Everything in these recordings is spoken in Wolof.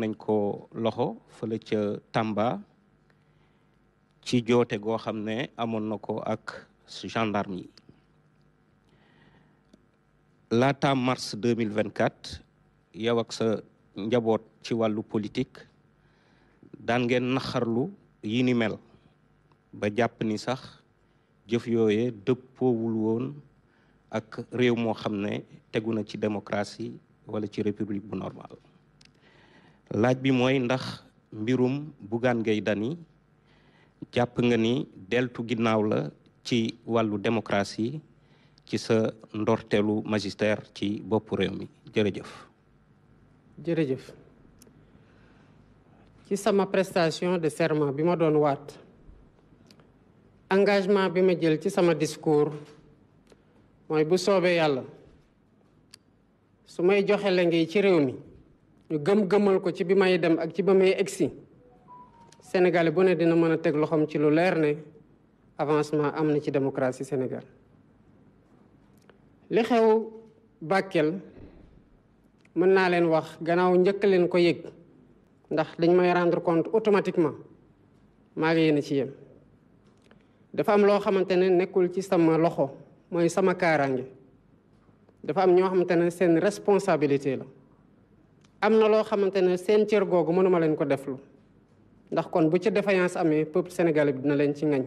nañ ko loxo fala ca Tamba ci joote goo xam ne amoon na ko ak gendarme yi laata mars 2024 yow ak sa njaboot ci wàllu politik daan ngeen naxarlu yi ni mel ba jàpp ni sax jëf yooye dëppoowul woon ak réew moo xam ne tegu na ci démocratie wala ci république bu normal laaj bi mooy ndax mbirum Bougane Gueye dani jàpp nga ni deltu ginnaaw la ci wàllu démocratie ci sa ndorteelu magistère ci bopp réew mi jërëjëf jërëjëf ci sama prestation de serment bi ma doon waat engagement bi ma jël ci sama discours mooy bu soobee yàlla su may joxe la ci réew mi ñu gëm-gëmal ko ci bi may dem ak ci ba may egsi Sénégal bu ne dina mën a teg loxoom ci lu leer ne avancement am na ci démocratie Sénégal li xew Bakel mën naa leen wax gannaaw njëkk leen ko yëg ndax dañ may rendre compte automatiquement maa ngi yéen ci yem dafa am loo xamante ne nekkul ci sama loxo mooy sama kaaraange dafa am ñoo xamante ne seen responsabilité la am na loo xamante ne seen cër googu mënuma leen ko deflu ndax kon bu ci défaillance amee peuple sénégalais bi dina leen ci ngañ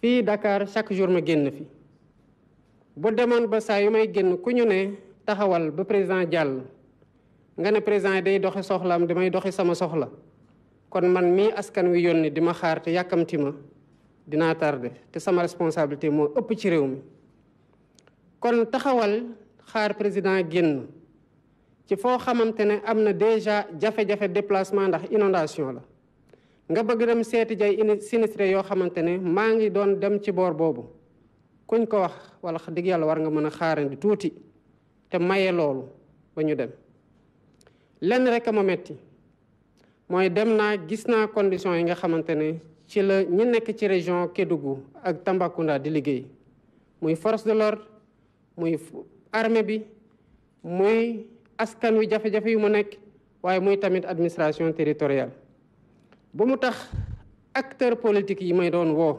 fii Dakar chaque jour ma génn fi bu demoon ba saa yu may génn ku ñu ne taxawal ba président jàll nga ne président day doxi soxlaam damay doxi sama soxla kon man mii askan wi yónni di ma xaar te yàkkamti ma dinaa tardé te sama responsabilité moo ëpp ci réew mi kon taxawal xaar président génn ci foo xamante ne am na déjà jafe-jafe déplacement ndax inondation la nga bëgg dem seeti jay sinistré yoo xamante ne maa ngi doon dem ci boor boobu kuñ ko wax wala digg yàlla war nga mën a xaarandi tuuti te maye loolu ba ñu dem lenn rek a ma metti mooy dem naa gis naa condition yi nga xamante ne ci la ñi nekk ci région Kédougou ak Tambacounda di liggéey muy force de l'ordre muy armée bi muy askan wi jafe-jafe yu mu nekk waaye muy tamit administration territoriale ba mu tax acteur politique yi may doon woo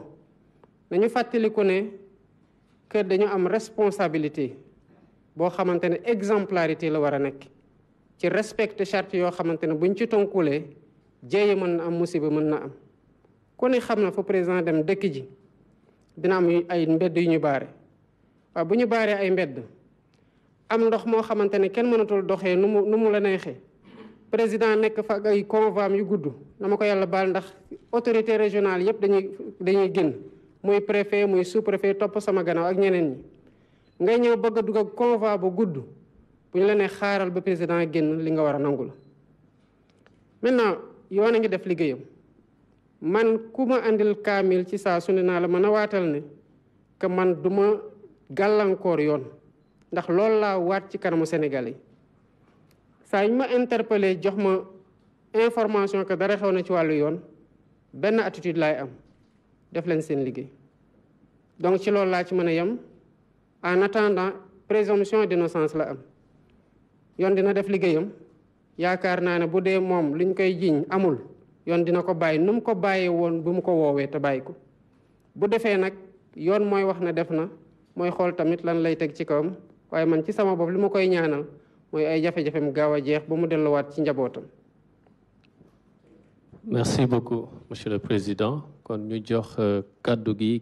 nañu fàttaliku ne kër dañu am responsabilité boo xamante ne exemplarité la war a nekk ci respecte charte yoo xamante ne buñ ci tonkulee jéeye mën na am musiba mën na am ku ne xam na fa président dem dëkk ji dina am ay mbedd yu ñu baare waaw bu ñu baaree ay mbedd am ndox moo xamante ne kenn mënatul doxee nu mu nu mu la neexee président nekk fa ay convois yu gudd dama ko yàlla baal ndax autorité régionale yëpp dañuy dañuy génn muy préfet muy sous préfet topp sama ganaaw ak ñeneen ñi. ngay ñëw bëgg a dugg ak bu gudd bu ñu la nee xaaral ba président génn li nga war a nangu la maintenant yoon a ngi def liggéeyam man ku ma indil kaamil ci saa su naa la mën a waatal ne que man du ma gàllankoor yoon. ndax loolu laa waat ci kanamu Sénégal yi saa yu ñu ma interpellé jox ma information que dara xew na ci wàllu yoon benn attitude laay am def leen seen liggéey donc ci loolu laa ci mën a yem en attendant présomption d'innocence la am yoon dina def liggéeyam yaakaar naa ne bu dee moom ñu koy jiiñ amul yoon dina ko bàyyi nu mu ko bàyyee woon bu mu ko woowee te bàyyi ko bu defee nag yoon mooy wax ne def na mooy xool tamit lan lay teg ci kawam waaye man ci sama bopp li ma koy ñaanal mooy ay jafe-jafem gaaw a jeex ba mu delluwaat ci njabootam. merci beaucoup monsieur le président kon ñu jox euh, kàddu gi.